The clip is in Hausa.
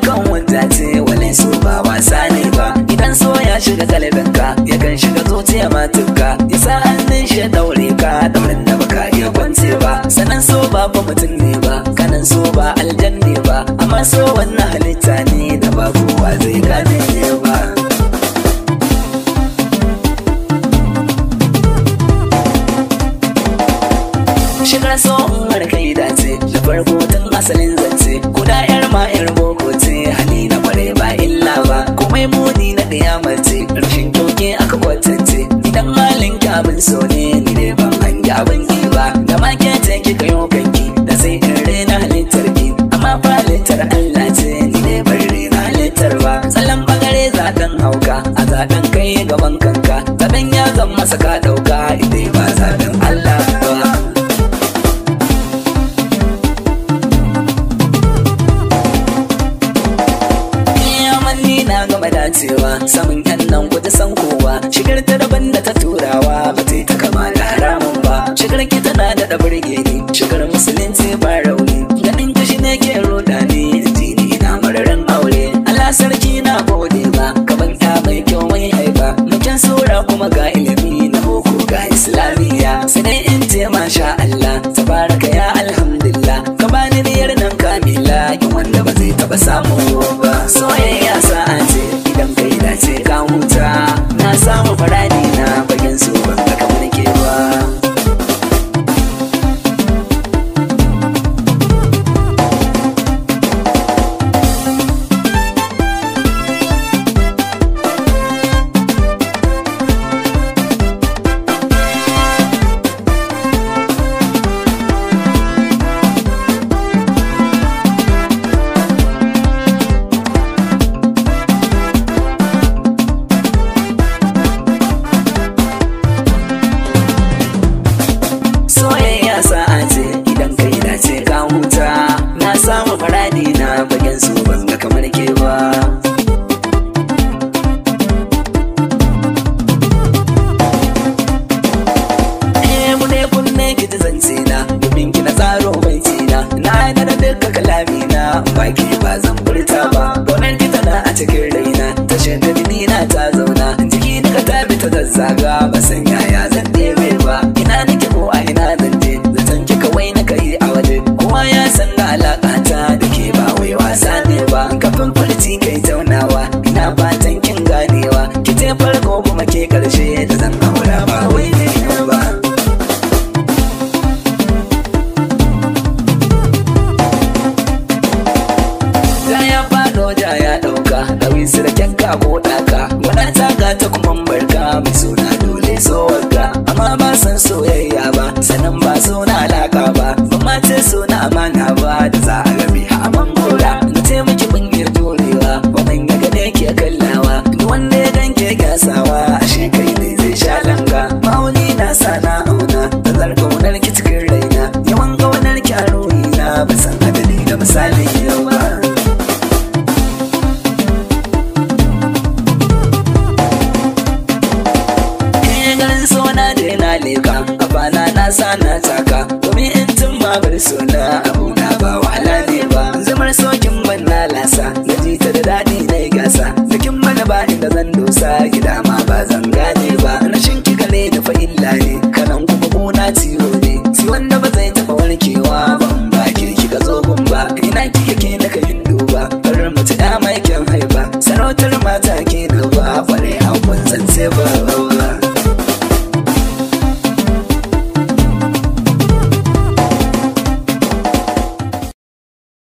kan wata ce walin su ba wasa ne ba idan so ya shiga ka ya kan shiga zuciya ya sa hannun shi ya daure ka daurin da baka iya kwance ba sanan so ba fa mutum ne ba kanan so ba aljan ne ba amma so wannan halitta ne da ba kowa zai gane ne ba shigar so in kai dace da farko tun asalin hanga so ne ni ne ban hanga bin ki ba da ma ke ta ki da sai in rena halittar ki amma ba halittar Allah ce ni ne ban rena halittar ba sallan bagare dan hauka a zaben kai gaban kanka zaben ya zan masa ka dacewa samun yan nan guji san kowa shigar ta daban da ta turawa ba ta yi ta kama da haramun ba shigar ki tana da da burge ni shigar musulunci ba rauni ka na samu farani na furta ba wannan na a cikin raina ta shaida jini na ta zauna jiki duka ta bi ta zazzaga ba san yaya zan ɗebe ba ina nake ko a ina zan je zaton ki kawai na kai a waje kowa ya san na alaƙa ta da ke ba wai wasa ne ba kafin furci kai taunawa ina fatan kin ganewa ki ce farko kuma ke ƙarshe soja ya ɗauka ɗawi su da kyanka ko ɗaka wadata ga ta kuma barka mai suna dole so sana na taka domin in tun ma bar suna abuna ba wahala ne ba zamar sokin ban na lasa na ji ta da daɗi na gasa bikin mana ba inda zan dosa